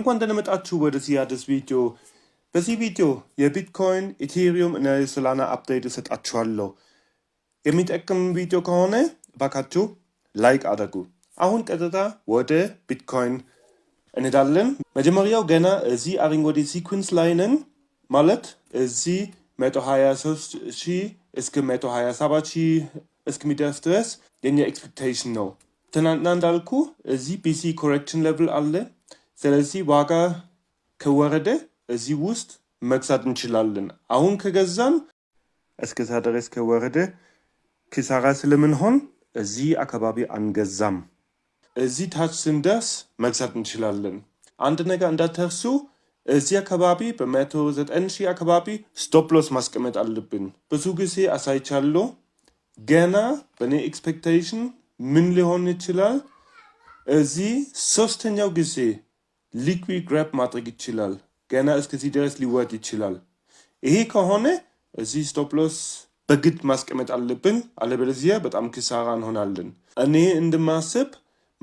እንኳን እንደመጣችሁ ወደዚህ አዲስ ቪዲዮ። በዚህ ቪዲዮ የቢትኮይን ኢቴሪየም እና የሶላና አፕዴት እሰጣችኋለሁ። የሚጠቅም ቪዲዮ ከሆነ ባካችሁ ላይክ አድርጉ። አሁን ቀጥታ ወደ ቢትኮይን እንሄዳለን። መጀመሪያው ገና እዚህ አረንጓዴ ሲኩንስ ላይ ነን። ማለት እዚህ 123 ሺህ እስከ 127 ሺህ እስከሚደርስ ድረስ የኛ ኤክስፔክቴሽን ነው። ትናንትና እንዳልኩ እዚህ ቢሲ ኮሬክሽን ሌቭል አለ ስለዚህ ዋጋ ከወረደ እዚህ ውስጥ መግዛት እንችላለን። አሁን ከገዛን እስከዛ ድረስ ከወረደ ኪሳራ ስለምንሆን እዚህ አካባቢ አንገዛም። እዚህ ታች ስንደርስ መግዛት እንችላለን። አንድ ነገር እንዳትረሱ፣ እዚህ አካባቢ በመቶ ዘጠኝ ሺህ አካባቢ ስቶፕሎስ ማስቀመጥ አለብን። ብዙ ጊዜ አሳይቻለሁ። ገና በእኔ ኤክስፔክቴሽን ምን ሊሆን ይችላል? እዚህ ሶስተኛው ጊዜ ሊኩዊድ ግራብ ማድረግ ይችላል። ገና እስከዚህ ድረስ ሊወርድ ይችላል። ይሄ ከሆነ እዚህ ስቶፕሎስ በግድ ማስቀመጥ አለብን፣ አለበለዚያ በጣም ክሳራ እንሆናለን። እኔ እንደማስብ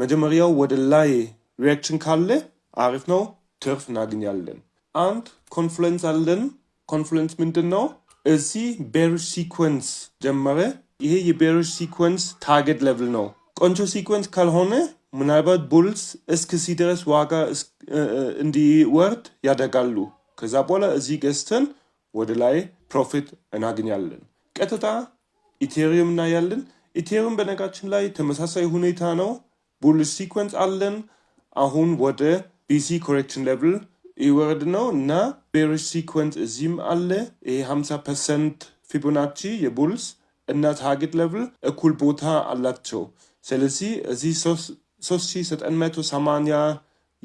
መጀመሪያው ወደ ላይ ሪያክሽን ካለ አሪፍ ነው፣ ትርፍ እናገኛለን። አንድ ኮንፍሉንስ አለን። ኮንፍሉንስ ምንድን ነው? እዚህ ቤሪሽ ሲኩዌንስ ጀመረ። ይሄ የቤሪሽ ሲኩዌንስ ታርጌት ሌቭል ነው። ቆንጆ ሲኩዌንስ ካልሆነ ምናልባት ቡልስ እስከ ሲደርስ ዋጋ እንዲወርድ ያደጋሉ ከዛ በኋላ እዚህ ገዝተን ወደ ላይ ፕሮፊት እናገኛለን። ቀጥታ ኢቴሪየም እናያለን። ኢቴሪየም በነጋችን ላይ ተመሳሳይ ሁኔታ ነው። ቡል ሲኮንስ አለን። አሁን ወደ ቢሲ ኮሬክሽን ሌቭል ይወርድ ነው እና ቤሪሽ ሲኮንስ እዚህም አለ። ይሄ 50 ፐርሰንት ፊቡናቺ የቡልስ እና ታርጌት ሌቭል እኩል ቦታ አላቸው። ስለዚህ እዚህ 3980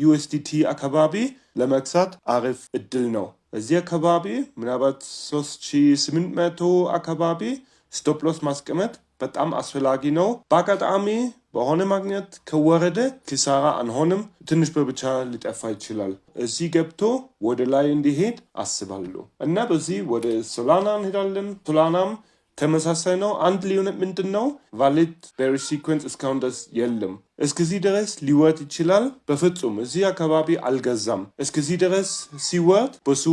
ዩኤስዲቲ አካባቢ ለመግዛት አሪፍ እድል ነው። እዚህ አካባቢ ምናልባት 3800 አካባቢ ስቶፕሎስ ማስቀመጥ በጣም አስፈላጊ ነው። በአጋጣሚ በሆነ ማግኘት ከወረደ ኪሳራ አንሆንም። ትንሽ በብቻ ብቻ ሊጠፋ ይችላል። እዚህ ገብቶ ወደ ላይ እንዲሄድ አስባለሁ እና በዚህ ወደ ሶላና እንሄዳለን። ሶላናም ተመሳሳይ ነው። አንድ ሊሆነት ምንድን ነው ቫሊድ ቤሪ ሲኩዌንስ እስካሁን ድረስ የለም። እስከዚህ ድረስ ሊወርድ ይችላል። በፍጹም እዚህ አካባቢ አልገዛም። እስከዚህ ድረስ ሲወርድ በሱ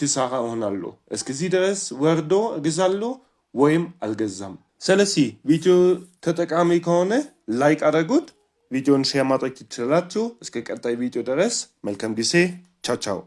ኪሳራ ይሆናሉ። እስከዚህ ድረስ ወርዶ እግዛሉ ወይም አልገዛም። ስለዚህ ቪዲዮ ተጠቃሚ ከሆነ ላይክ አድርጉት። ቪዲዮን ሼር ማድረግ ትችላላችሁ። እስከ ቀጣይ ቪዲዮ ድረስ መልካም ጊዜ። ቻው ቻው።